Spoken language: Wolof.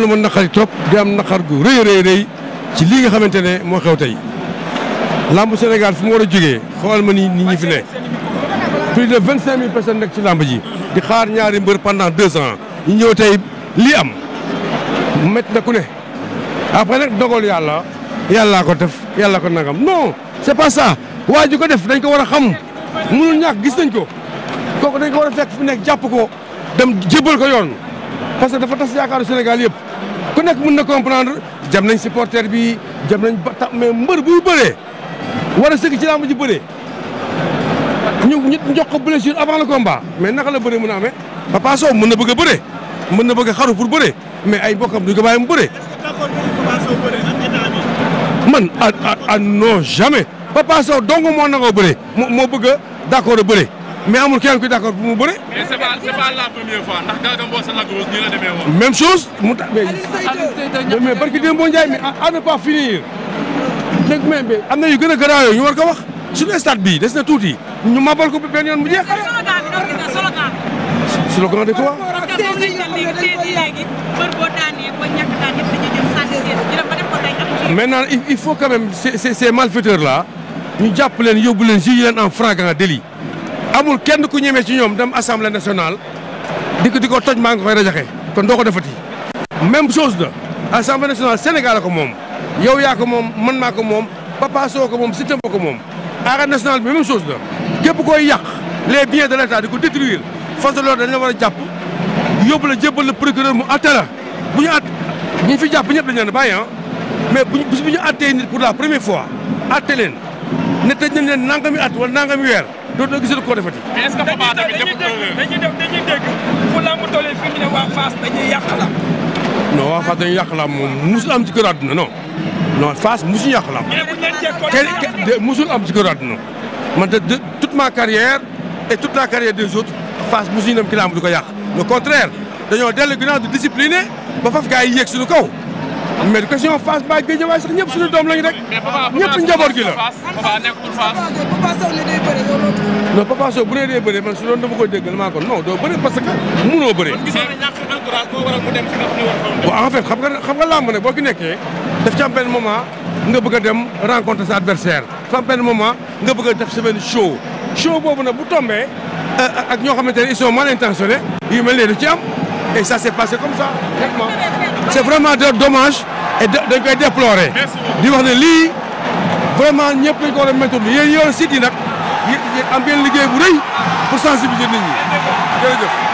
am lu ma naqari trop di am naqar gu rëy rëy rëy ci lii nga xamante ne moo xew tey lamb Sénégal fu ma war a jógee xoolal ma ni nit ñi fi ne plus de vingt cinq mille personnes nekk ci lamb ji di xaar ñaari mbër pendant ans ñu ñëw tey lii am métti na ku ne après nag dogal yàlla yàllaa ko def yàlla ko nangam non c'est pas ça waa ko def dañ ko war a xam mënul ñàkk gis nañ ko kooku dañ ko war a fekk fu nekk jàpp ko dem jébbal ko yoon parce que dafa tas yaakaaru yëpp ku nekk mën na comprendre jam nañ supporter bi jam nañ ba tax mais mbër buy bëree war a sëgg ci làmb ji bëree ñu ñu jox avant la combat mais naka la bëree mën a amee Papa mën na bëgg a bëree mën na bëgg a xaru pour bëree mais ay bokkam duñ ko bàyyi mu bëree man ah, ah ah non jamais Papa Sow dong moo nangoo bëree moo bëgg a d'accord a bëree mais amul kenn ku d'accord bu mu bëre. mais c'est pas c'est pas la première fois ndax Garga Mbossé Lac Rose nii la demee woon. même mais pas finir léegi même bi am na yu gën a garaaw yooyu ñu war ko wax suñu stade bii des na tuuti ñu mabal ko benn yoon bu jeex. slogan de quoi. parce que il faut quand même ces ces malfaiteurs là ñu jàpp leen yóbbu leen juge leen en flagrant délit amul kenn ku ñemee ci ñoom dem assemblée nationale di ko di ko toj maa ngi koy rajaxe kon doo ko defati même chose la assemblée nationale Sénégal ko moom yow yaa ko moom mën naa ko moom Papa ko moom Siteu ko moom. arène nationale bi même chose la képp koy yàq les biens de l'état di ko détruire force de l'ordre la war a jàpp yóbbu la jébbal la procureur mu atte bu ñu at ñu fi jàpp ñëpp dañu leen a bàyyi ah, mais bu ñu bu ñu attee nit pour la première fois atte leen ne te nañ leen nangami at wala nangami weer. dootoo gisul koo defati. mais est-ce que Papa tamit dañuy dégg dañuy dégg fu lamb tollee fii ñu ne waa Fass dañuy yàq lamb. non waa Fass dañuy yàq lamb moom musul am ci kër àdduna non Fass musuñu yàq lamb. kenn musul am ci kër àdduna man de toute ma carrière et toute la carrière des autres Fass musuñu dem ci du ko yàq. le contraire dañoo dellu ginnaaw di discipliné ba faf gars yi yéeg suñu kaw. mais question Fass ba Guédiawaye sax ñëpp suñu doom lañ rek. ñëpp njaboot gi la. Papa nekkul Fass. Papa bu dee day bëre man su doon dama koy déggal maa ko non doo bëre parce que munoo bëre. kon gisoon na ñàkk entourage boo waral mu dem fi nga xam ne war waaw en xam nga xam nga làmb boo ki nekkee daf ci am benn moment nga bëgg dem rencontrer sa adversaire dafa am benn moment nga bëgg a def sa benn show show boobu nag bu tombee ak ñoo xamante ne ils sont mal intentionnés yu mel ne da ci am et ça s'est passé comme ça vraiment c'est vraiment dommage et dañ koy di wax ne lii vraiment ñëpp dañ ko war a méttiwul yéen yoon site yi nag liggéey bu rëy pour sensibiliser nit ñi